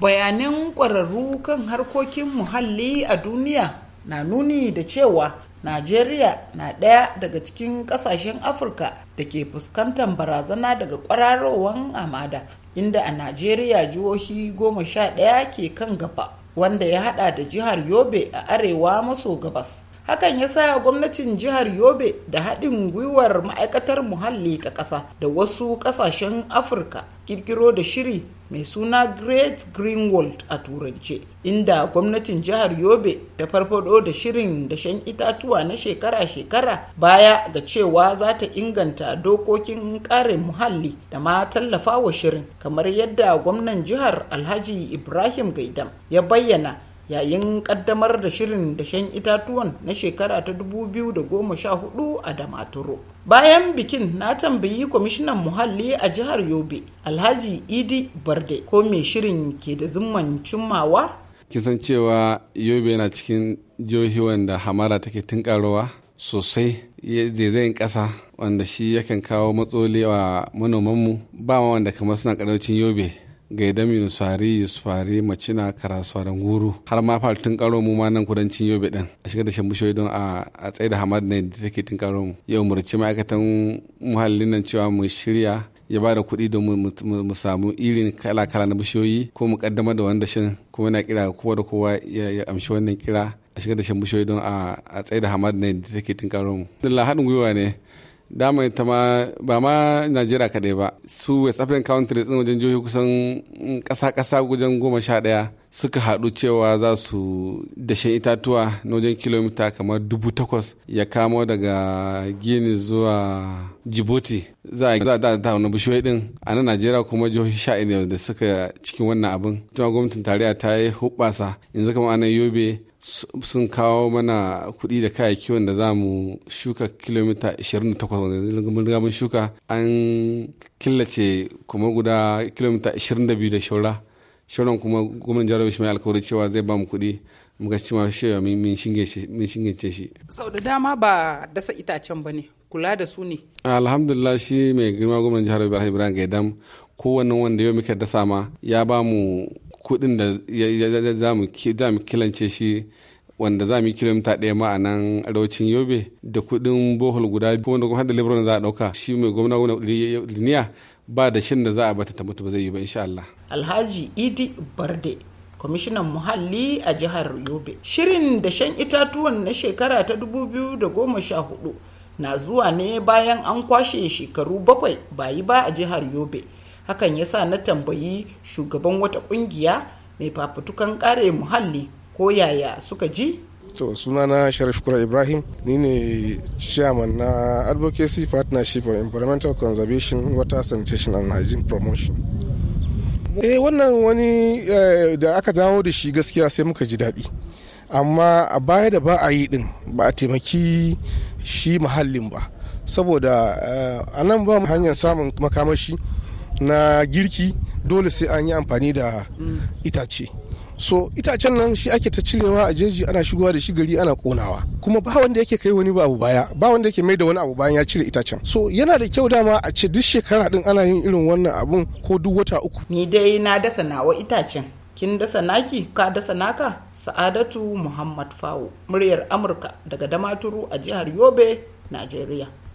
bayanan ƙwararru kan harkokin muhalli a duniya na nuni da cewa najeriya na ɗaya daga cikin ƙasashen afirka da ke fuskantar barazana daga kwararowar amada inda a najeriya jihohi goma sha ɗaya ke kan gaba wanda ya hada da jihar yobe a arewa maso gabas hakan ya sa gwamnatin jihar yobe da haɗin gwiwar ma'aikatar muhalli ta ƙasa da wasu ƙasashen afirka kirkiro da shiri mai suna great green world a turance inda gwamnatin jihar yobe ta farfado da shirin dashen itatuwa na shekara-shekara baya ga cewa za ta inganta dokokin kare muhalli da ma tallafa wa shirin kamar yadda gwamnan jihar alhaji ibrahim gaidam ya bayyana yayin kaddamar da shirin dashen itatuwan na shekara ta 2014 a damaturu bayan bikin na tambayi kwamishinan muhalli a jihar yobe alhaji idi barde ko mai shirin ke da zumman cimmawa kisan cewa yobe na cikin jihohi wanda hamara take tunkarowa sosai zaizayin ƙasa wanda shi yakan kawo matsoli wa manomanmu ba ma wanda kamar suna ƙarancin yobe Gaidami nusari yusufari macina karasuwa guru har ma fara tun karo mu ma nan kudancin yobe din a shiga da shan bishiyoyi don a tsaye da hamad ne da take tun karo mu ya umarci ma'aikatan muhallin nan cewa mu shirya ya ba da kuɗi don mu samu irin kala-kala na bishiyoyi ko mu kaddamar da wanda shan kuma na kira kowa da kowa ya amshi wannan kira a shiga da shan bishiyoyi don a tsaye da hamad ne da take tun karo mu. haɗin gwiwa ne dama ita ma ba ma najeriya kaɗai ba su west african countries ɗin wajen jihohi kusan ƙasa-ƙasa wajen goma sha ɗaya suka haɗu cewa za su dashen itatuwa na wajen kilomita kamar dubu takwas ya kamo daga gini zuwa djibouti za a da ta wani bishiyoyi ɗin a nan najeriya kuma jihohi sha da suka cikin wannan abin ita gwamnatin tarayya ta yi hubbasa yanzu kamar anan yobe sun kawo mana kuɗi da kayayyaki wanda za mu shuka kilomita 28 wanda mun riga mun shuka an killace kuma guda kilomita 22 da shaura shauran kuma gwamnan jihar Bauchi mai alkawari cewa zai ba mu kuɗi muka ci ma shewa min shingince shi. sau da dama ba dasa itacen ba ne kula da su ne. alhamdulillah shi mai girma gwamnan jihar Bauchi Ibrahim Gaidam kowanne wanda yau muka dasa ma ya ba mu kuɗin da za mu kilance shi wanda za mu yi kilomita ɗaya ma a nan arewacin yobe da kuɗin bohol guda biyu wanda kuma da lebron za a ɗauka shi mai gwamna liniya ba da shin da za a bata ta mutu ba zai yi ba insha Allah. Alhaji Idi Barde kwamishinan muhalli a jihar Yobe. Shirin dashen itatuwan na shekara ta da goma 2014 na zuwa ne bayan an kwashe shekaru bakwai bayi ba a jihar Yobe. hakan ya sa na tambayi shugaban wata kungiya mai fafutukan kare muhalli ko yaya suka ji to sunana sharif kura ibrahim ni ne chairman na advocacy partnership for environmental conservation water sanitation and hygiene promotion eh wannan wani eh, da aka dawo da shi gaskiya sai muka ji daɗi amma a baya da ba a yi din ba a taimaki shi muhallin ba saboda eh, a nan ba hanyar samun makamashi na girki dole sai an yi amfani da itace so itacen nan shi ake ta cirewa a jeji ana shigowa da shi gari ana konawa kuma ba wanda yake kai wani abu baya ba wanda yake mai da wani abu bayan ya cire itacen so yana da kyau dama a ce duk shekara din ana yin irin wannan abun ko duk wata uku ni dai na dasa nawa itacen kin dasa naki ka dasa naka sa'adatu muhammad fawo muryar amurka daga damaturu a jihar yobe najeriya